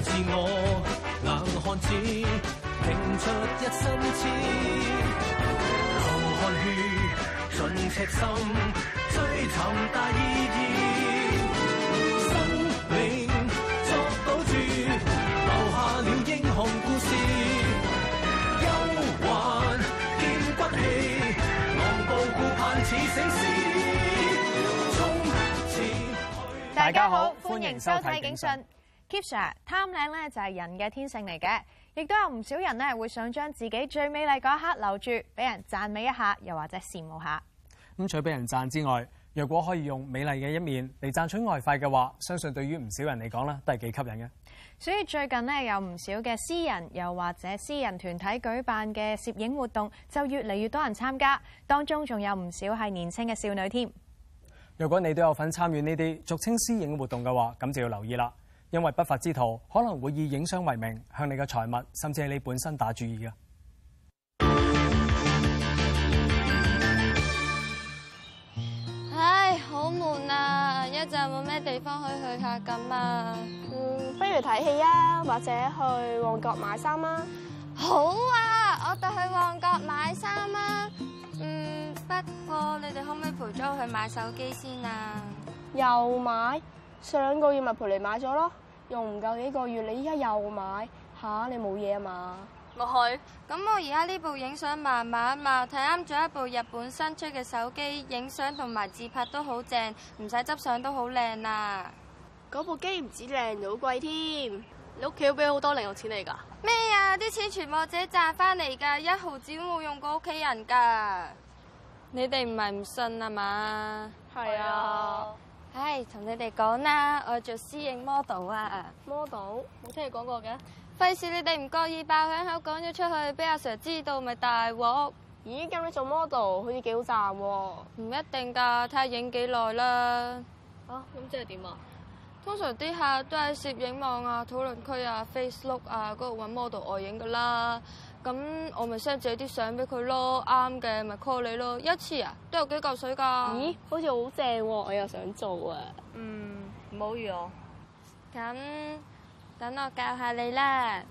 自我硬漢子拼出一身刺，流汗血盡赤心，追尋大意義，生命作賭注，留下了英雄故事，憂患見骨氣，昂步顧盼似醒獅，衝前去。大家好，歡迎收睇警訊。Kisha 貪靚咧，就係人嘅天性嚟嘅，亦都有唔少人咧，會想將自己最美麗嗰一刻留住，俾人讚美一下，又或者羨慕下。咁除俾人讚之外，若果可以用美麗嘅一面嚟賺取外快嘅話，相信對於唔少人嚟講咧，都係幾吸引嘅。所以最近呢，有唔少嘅私人，又或者私人團體舉辦嘅攝影活動，就越嚟越多人參加，當中仲有唔少係年青嘅少女添。如果你都有份參與呢啲俗稱私影活動嘅話，咁就要留意啦。因為不法之徒可能會以影相為名，向你嘅財物甚至係你本身打主意嘅。唉，好悶啊！一陣冇咩地方可以去下咁啊、嗯。不如睇戲啊，或者去旺角買衫啊。好啊，我哋去旺角買衫啊。嗯，不過你哋可唔可以陪咗我去買手機先啊？又買？上個月咪陪你買咗咯，用唔夠幾個月，你依家又買，吓、啊、你冇嘢啊嘛？落去，咁我而家呢部影相麻麻啊嘛，睇啱咗一部日本新出嘅手機，影相同埋自拍都好正，唔使執相都好靚啊！嗰部機唔止靚，好貴添。你屋企要俾好多零用錢嚟噶？咩啊？啲錢全部自己賺翻嚟噶，一毫子都冇用過屋企人噶。你哋唔係唔信啊嘛？係啊。唉，同你哋講啦，我做私影 model 啊。model 冇聽說過的你講過嘅，費事你哋唔覺意爆響口講咗出去，俾阿 Sir 知道咪大鑊。咦，咁你做 model 好似幾好賺喎。唔一定噶，睇下影幾耐啦。啊，咁即係點啊？通常啲客都喺攝影網啊、討論區啊、mm-hmm. Facebook 啊嗰度搵 model 外影噶啦。咁我咪 send 啲相俾佢咯，啱嘅咪 call 你咯。一次啊，都有幾嚿水噶。咦？好似好正，我又想做啊。嗯，唔好怨我。咁等我教下你啦。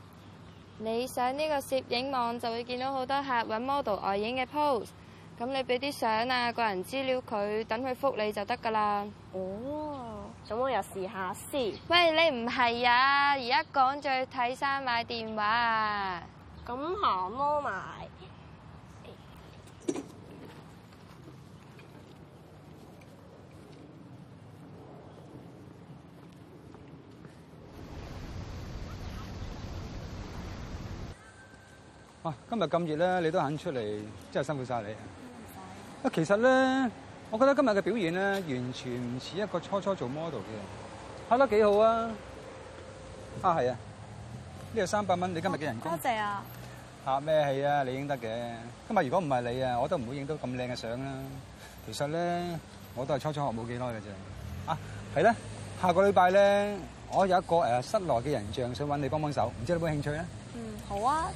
你上呢個攝影網就會見到好多客搵 model 外影嘅 pose。咁你俾啲相啊，個人資料佢，等佢覆你就得噶啦。哦。咁我又試下先。喂，你唔係啊，而家講住睇衫買電話。咁行攞埋，今日咁熱咧，你都肯出嚟，真係辛苦晒你。其實咧，我覺得今日嘅表現咧，完全唔似一個初初做 model 嘅，拍得幾好啊！啊，係啊。呢度三百蚊，你今日嘅人工。多謝啊！吓，咩戲啊？你應得嘅。今日如果唔係你啊，我都唔會影到咁靚嘅相啦。其實咧，我都係初初學冇幾耐嘅啫。啊，係啦。下個禮拜咧，我有一個誒室內嘅人像想揾你幫幫手，唔知你有冇興趣咧？嗯，好啊。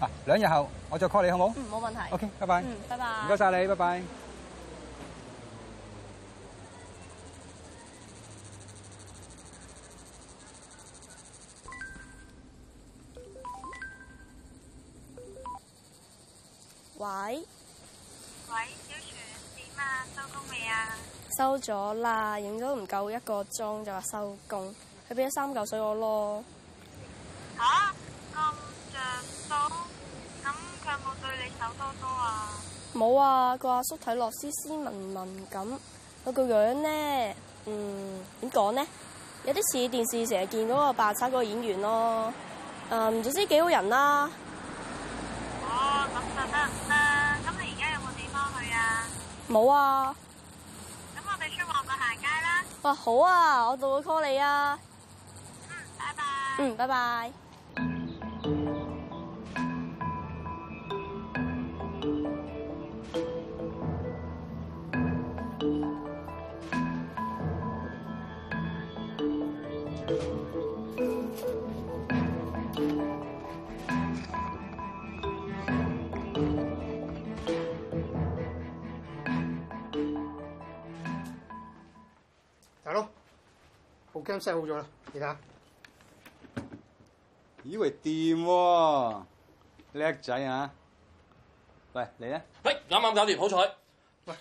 啊，兩日後我再 call 你好冇？嗯，冇問題。OK，拜拜。嗯，拜拜。唔該曬你，拜拜。喂，喂，小雪，點啊？收工未啊？收咗啦，影咗唔夠一個鐘就話收工，佢畀咗三嚿水我咯。吓？咁着數？咁佢有冇對你手多多啊？冇啊，個阿叔睇落斯斯文文咁，佢個樣咧，嗯，點講咧？有啲似電視成日見嗰個白差嗰個演員咯，嗯，總之幾好人啦。冇啊，咁我哋出外行街啦。哇，好啊，我就會 call 你啊。嗯，拜拜。嗯，拜拜。s e 好咗啦，而家以為掂喎。叻、哎、仔啊，啊！喂，你啦！喂，啱啱搞掂，好彩！喂，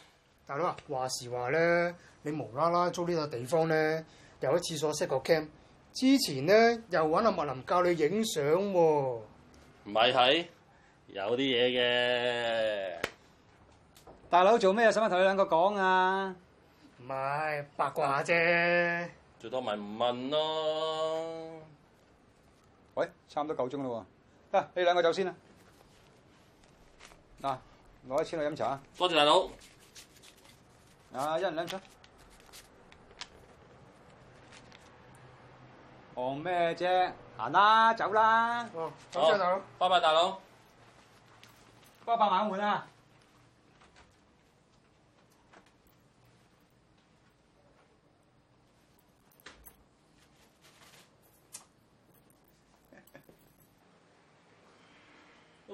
大佬啊，話時話咧,你無啦啦租呢個地方咧，又喺廁所 s e 個 cam，之前咧又搵阿麥林教你影相喎，唔係係有啲嘢嘅。大佬做咩使乜同你兩個講啊？唔係八卦啫。最多咪唔問咯。喂，差唔多夠鐘咯喎，啊，你兩個走先啦。嗱，攞一千去飲茶。多謝大佬。啊，一人兩張。講咩啫？行啦，走啦。好，拜拜大佬。拜拜晚啊！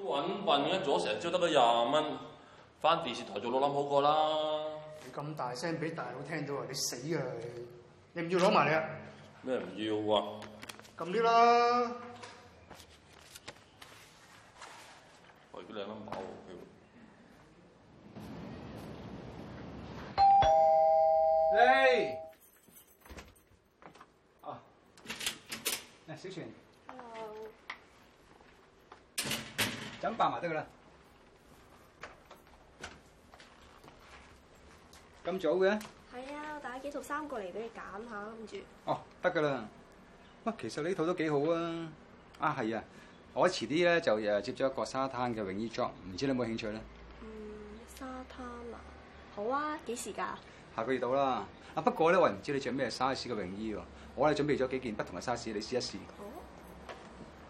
穩揾笨嘅，做咗成朝得個廿蚊，返電視台做老諗好過啦。你咁大聲俾大佬聽到啊！你死你啊！你唔要攞埋你啊？咩唔要啊？咁啲啦。嚟啲靚翻布。你啊，嚟、Hey. Ah. Yeah, 小錢。咁扮埋得噶啦，咁早嘅？係啊，我帶咗幾套衫過嚟俾你揀下，諗住。哦，得噶啦，喂，其實呢套都幾好啊，啊係啊，我遲啲咧就誒接咗一個沙灘嘅泳衣 job，唔知你有冇興趣咧？嗯，沙灘啊，好啊，幾時㗎？下個月到啦，啊、嗯、不過咧，我唔知你着咩 size 嘅泳衣喎，我咧準備咗幾件不同嘅 size，你試一試。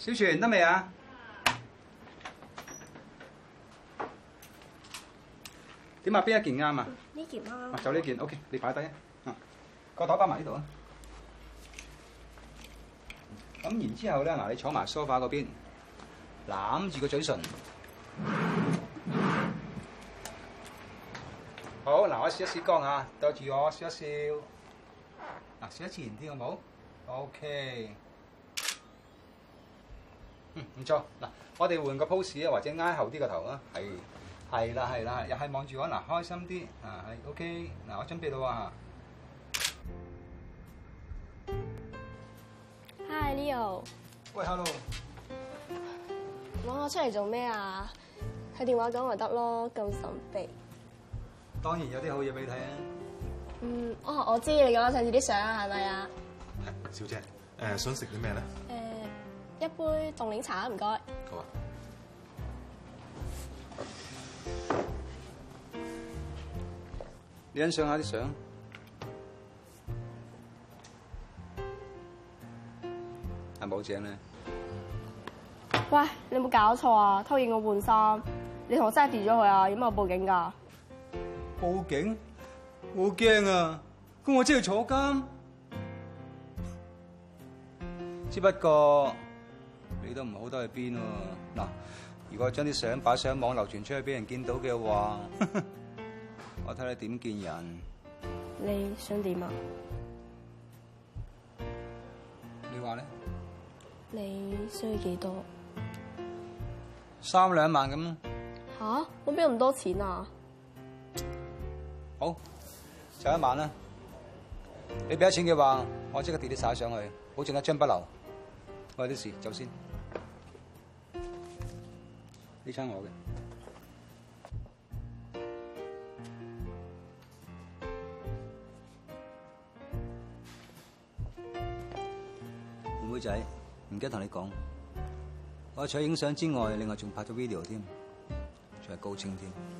小泉得未啊？點啊？邊一件啱啊？呢件啱。就呢件，OK，你擺低啊。個袋擺埋呢度啊。咁然之後咧，嗱，你坐埋梳化嗰邊，攬住個嘴唇。好，嗱，我閃一閃光啊，對住我笑一笑。嗱，笑一次甜啲好冇？OK。嗯，唔錯。嗱，我哋換個 pose 啊，或者挨後啲個頭啊，係係啦係啦，又係望住我，嗱，開心啲啊，係 OK。嗱，我準備到啊。Hi，Leo。喂，Hello。揾我出嚟做咩啊？睇電話講咪得咯，咁神秘。當然有啲好嘢俾你睇啊。嗯，哦，我知你講上次啲相係咪啊？係，小姐，呃，想食啲咩咧？一杯凍檸茶唔該。好啊，好你欣賞下啲相。係冇獎咧。喂，你有冇搞錯啊？偷影我換衫，你同我真 e t 咗佢啊？有冇報警噶？報警？我驚啊！咁我即係坐監。只不過。都唔好得去邊喎！嗱，如果將啲相擺上網流傳出去俾人見到嘅話，我睇你點見人？你想點啊？你話咧？你需要幾多？三兩萬咁吓？我邊有咁多錢啊？好，就一萬啦。你俾咗錢嘅話，我即刻地啲晒上去，保證一張不留。我有啲事，先走先。俾親我嘅妹妹仔，唔記得同你講，我除影相之外，另外仲拍咗 video 添，仲係高清添。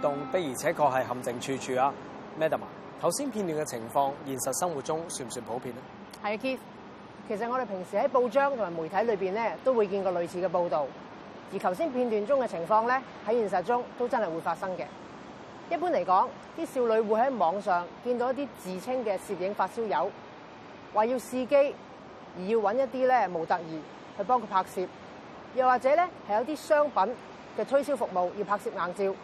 的，而且確係陷阱處處啊，Madam。頭先片段嘅情況，現實生活中算唔算普遍呢？係啊，Keith。其實我哋平時喺報章同埋媒體裏面咧，都會見過類似嘅報導。而頭先片段中嘅情況咧，喺現實中都真係會發生嘅。一般嚟講，啲少女會喺網上見到一啲自稱嘅攝影發燒友，話要試機，而要揾一啲咧模特兒去幫佢拍攝，又或者咧係有啲商品嘅推銷服務要拍攝硬照。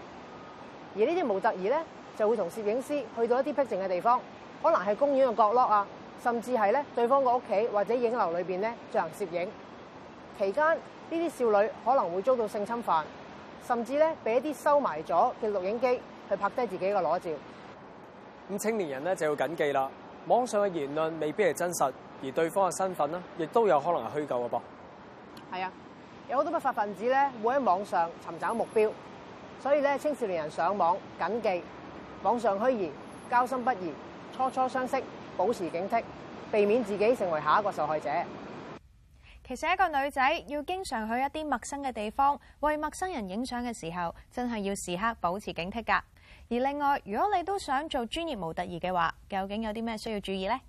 而這些無意呢啲模特兒咧，就會同攝影師去到一啲僻靜嘅地方，可能係公園嘅角落啊，甚至係咧對方嘅屋企或者影樓裏邊咧進行攝影。期間呢啲少女可能會遭到性侵犯，甚至咧被一啲收埋咗嘅錄影機去拍低自己嘅裸照。咁青年人咧就要緊記啦，網上嘅言論未必係真實，而對方嘅身份呢亦都有可能係虛構嘅噃。係啊，有好多不法分子咧會喺網上尋找目標。所以咧，青少年人上網，謹記網上虛擬，交心不宜，初初相識，保持警惕，避免自己成為下一個受害者。其實一個女仔要經常去一啲陌生嘅地方，為陌生人影相嘅時候，真係要時刻保持警惕㗎。而另外，如果你都想做專業模特兒嘅話，究竟有啲咩需要注意呢？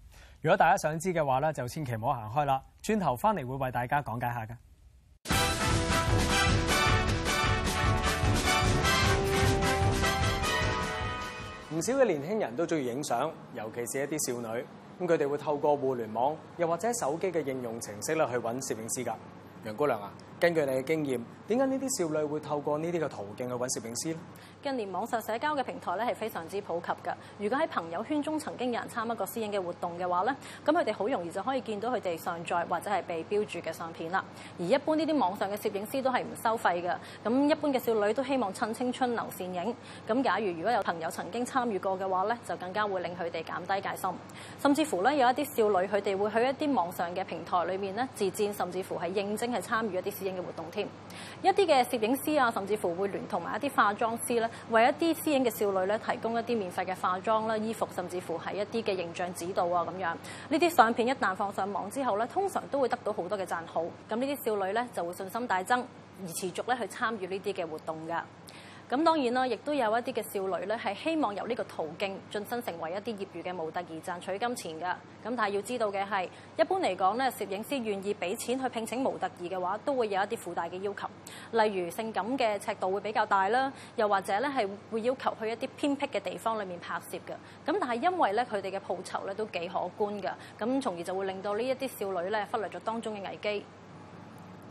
如果大家想知嘅話咧，就千祈唔好行開啦，轉頭翻嚟會為大家講解一下㗎。唔少嘅年輕人都中意影相，尤其是一啲少女，咁佢哋會透過互聯網，又或者手機嘅應用程式咧，去揾攝影師㗎。楊姑娘啊，根據你嘅經驗，點解呢啲少女會透過呢啲嘅途徑去揾攝影師呢？近年網上社交嘅平台咧係非常之普及嘅。如果喺朋友圈中曾經有人參加過私影嘅活動嘅話咧，咁佢哋好容易就可以見到佢哋上載或者係被標註嘅相片啦。而一般呢啲網上嘅攝影師都係唔收費嘅。咁一般嘅少女都希望趁青春留倩影。咁假如如果有朋友曾經參與過嘅話咧，就更加會令佢哋減低戒心。甚至乎咧有一啲少女佢哋會去一啲網上嘅平台裏面呢自薦，甚至乎係應徵係參與一啲私影嘅活動添。一啲嘅攝影師啊，甚至乎會聯同埋一啲化妝師咧。為一啲私影嘅少女咧，提供一啲免費嘅化妝啦、衣服，甚至乎係一啲嘅形象指導啊，咁樣呢啲相片一旦放上網之後咧，通常都會得到好多嘅讚好，咁呢啲少女咧就會信心大增，而持續咧去參與呢啲嘅活動噶。咁當然啦，亦都有一啲嘅少女咧，係希望由呢個途徑進身成為一啲業餘嘅模特兒而賺取金錢嘅。咁但係要知道嘅係，一般嚟講咧，攝影師願意俾錢去聘請模特兒嘅話，都會有一啲附帶嘅要求，例如性感嘅尺度會比較大啦，又或者咧係會要求去一啲偏僻嘅地方裏面拍攝嘅。咁但係因為咧佢哋嘅報酬咧都幾可觀嘅，咁從而就會令到呢一啲少女咧忽略咗當中嘅危機。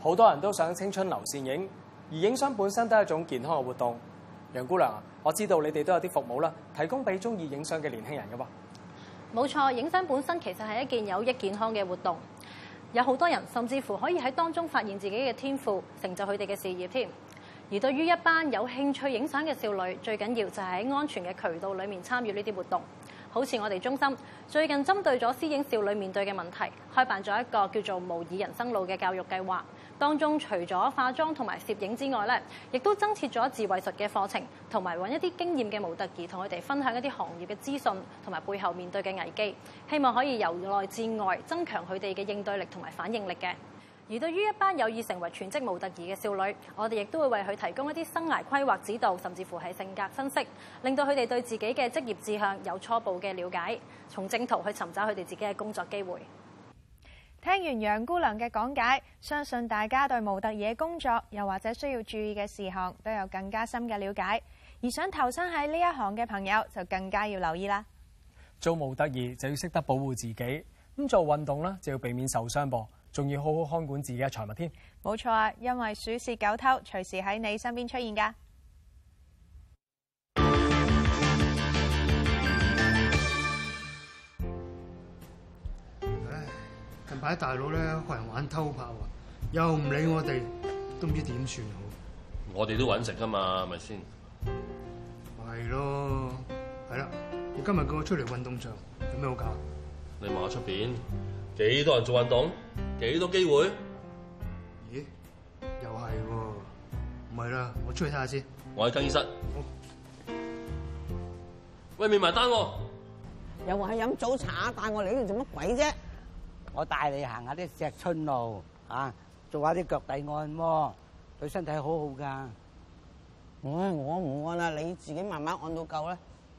好多人都想青春留倩影。而影相本身都係一種健康嘅活動，楊姑娘啊，我知道你哋都有啲服務啦，提供俾中意影相嘅年輕人噶噃。冇錯，影相本身其實，係一件有益健康嘅活動，有好多人甚至乎可以喺當中發現自己嘅天賦成就佢哋嘅事業添。而對於一班有興趣影相嘅少女，最緊要就係喺安全嘅渠道裏面參與呢啲活動，好似我哋中心最近針對咗私影少女面對嘅問題開辦咗一個叫做模擬人生路嘅教育計劃。當中除咗化妝同埋攝影之外咧，亦都增設咗自衛術嘅課程，同埋搵一啲經驗嘅模特兒同佢哋分享一啲行業嘅資訊同埋背後面對嘅危機，希望可以由內至外增強佢哋嘅應對力同埋反應力嘅。而對於一班有意成為全職模特兒嘅少女，我哋亦都會為佢提供一啲生涯規劃指導，甚至乎係性格分析，令到佢哋對自己嘅職業志向有初步嘅了解，從正途去尋找佢哋自己嘅工作機會。聽完楊姑娘嘅講解，相信大家對模特兒工作又或者需要注意嘅事項都有更加深嘅了解，而想投身喺呢一行嘅朋友就更加要留意啦。做模特兒就要識得保護自己，咁做運動呢就要避免受傷噃，仲要好好看管自己嘅財物添。冇錯啊，因為鼠竊狗偷隨時喺你身邊出現噶。啲大佬咧學人玩偷拍喎，又唔理我哋，都唔知點算好。我哋都揾食噶嘛，係咪先？係咯，係啦，你今日叫我出嚟運動場，有咩好搞？你問我出邊幾多人做運動，幾多機會？咦？又係喎？唔係啦，我出去睇下先。我喺更衣室。喂，未埋單喎，啊！又話係飲早茶，帶我嚟呢度做乜鬼啫？我帶你行下啲石春路啊，做下啲腳底按摩，對身體好好噶。我我唔按啦，你自己慢慢按到夠啦。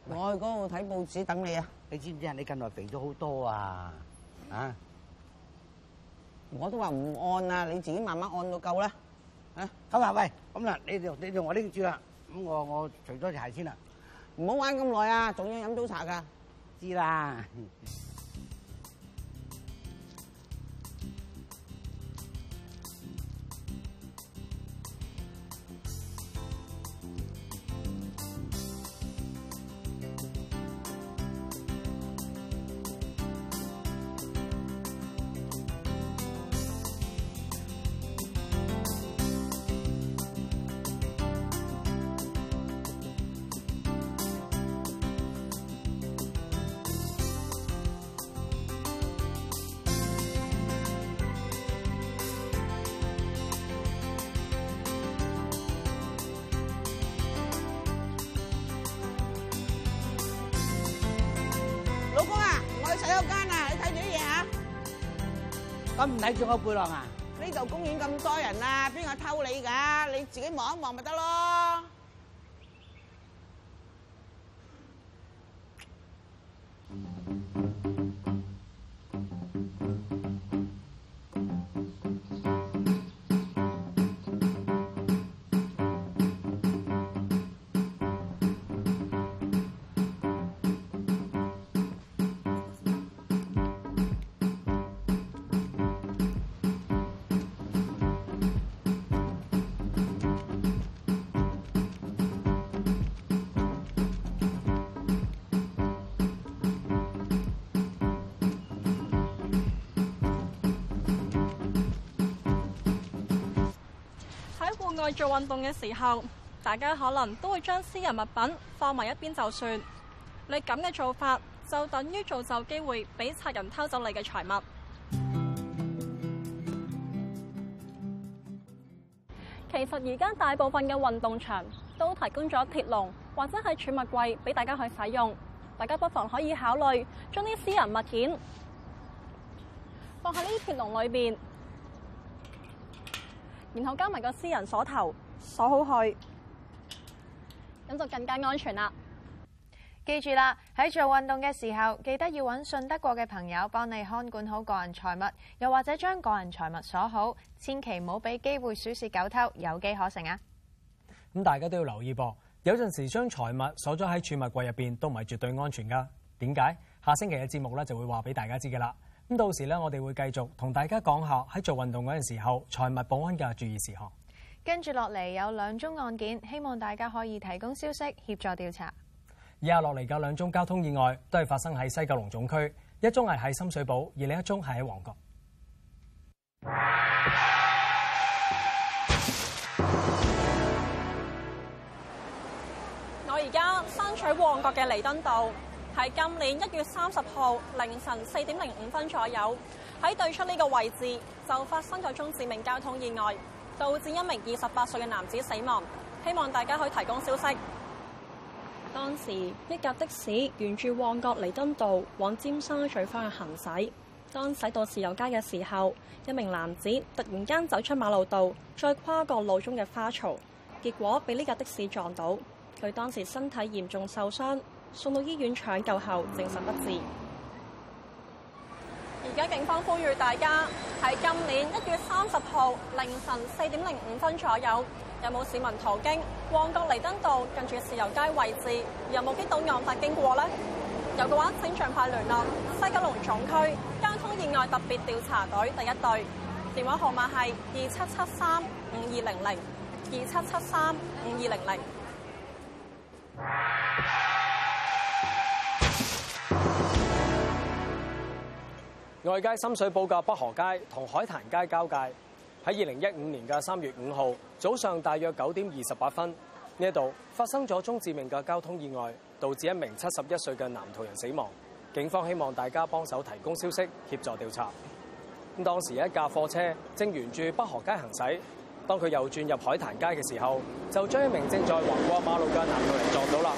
我去嗰度睇報紙等你啊。你知唔知啊？你近來肥咗好多啊！啊！我都話唔按啦，你自己慢慢按到夠啦。啊，咁啊喂，咁嗱，你就你就我拎住啦。咁我我除咗隻鞋先啦，唔好玩咁耐啊！仲要飲早茶噶，知啦。咁唔睇住我背囊啊！呢度公園咁多人啊，邊個偷你㗎？你自己望一望咪得咯。外做運動嘅時候，大家可能都會將私人物品放埋一邊就算。你咁嘅做法，就等於造就機會俾賊人偷走你嘅財物。其實而家大部分嘅運動場都提供咗鐵籠或者係儲物櫃俾大家去使用。大家不妨可以考慮將啲私人物件放喺呢啲鐵籠裏邊。然後加埋個私人鎖頭鎖好佢，咁就更加安全啦。記住啦，喺做運動嘅時候，記得要揾信得過嘅朋友幫你看管好個人財物，又或者將個人財物鎖好，千祈唔好俾機會鼠竊狗偷，有機可乘啊！咁大家都要留意噃，有陣時將財物鎖咗喺儲物櫃入邊都唔係絕對安全噶。點解？下星期嘅節目咧就會話俾大家知噶啦。咁到時咧，我哋會繼續同大家講下喺做運動嗰陣時候財物保安嘅注意事項。跟住落嚟有兩宗案件，希望大家可以提供消息協助調查。以下落嚟嘅兩宗交通意外都係發生喺西九龍總區，一宗係喺深水埗，而另一宗係喺旺角。我而家身處旺角嘅彌敦道。喺今年一月三十號凌晨四點零五分左右，喺對出呢個位置就發生咗宗致命交通意外，導致一名二十八歲嘅男子死亡。希望大家可以提供消息。當時一架的士沿住旺角彌敦道往尖沙咀方向行駛，當駛到豉油街嘅時候，一名男子突然間走出馬路道，再跨過路中嘅花槽，結果被呢架的士撞到。佢當時身體嚴重受傷。送到醫院搶救後，證實不治。而家警方呼籲大家喺今年一月三十號凌晨四點零五分左右，有冇市民途經旺角彌敦道近住豉油街位置，有冇見到案發經過呢？有嘅話，請儘快聯絡西九龍總區交通意外特別調查隊第一隊，電話號碼係二七七三五二零零二七七三五二零零。外街深水埗嘅北河街同海壇街交界，喺二零一五年嘅三月五號早上大約九點二十八分，呢一度發生咗宗致命嘅交通意外，導致一名七十一歲嘅男途人死亡。警方希望大家幫手提供消息，協助調查。當當時一架貨車正沿住北河街行駛，當佢右轉入海壇街嘅時候，就將一名正在橫過馬路嘅男途人撞到啦。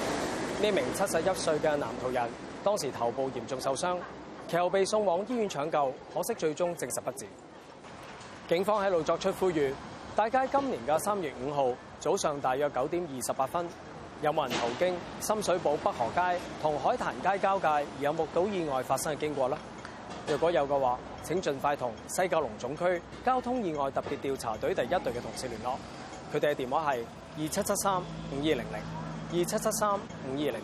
呢名七十一歲嘅男途人當時頭部嚴重受傷。隨後被送往醫院搶救，可惜最終證實不治。警方喺度作出呼籲，大家今年嘅三月五號早上大約九點二十八分有冇人途經深水埗北河街同海壇街交界，有冇目睹意外發生嘅經過呢？如果有嘅話，請盡快同西九龍總區交通意外特別調查隊第一隊嘅同事聯絡，佢哋嘅電話係二七七三五二零零二七七三五二零零。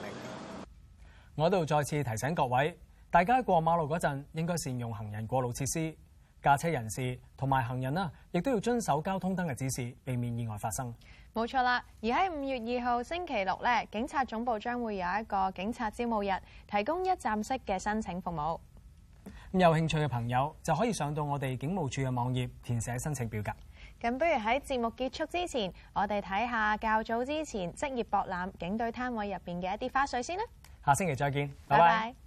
我喺度再次提醒各位。大家過馬路嗰陣，應該善用行人過路設施。駕車人士同埋行人啦，亦都要遵守交通燈嘅指示，避免意外發生。冇錯啦。而喺五月二號星期六咧，警察總部將會有一個警察招募日，提供一站式嘅申請服務。有興趣嘅朋友就可以上到我哋警務處嘅網頁填寫申請表格。咁，不如喺節目結束之前，我哋睇下較早之前職業博覽警隊攤位入面嘅一啲花絮先啦。下星期再見，拜拜。Bye bye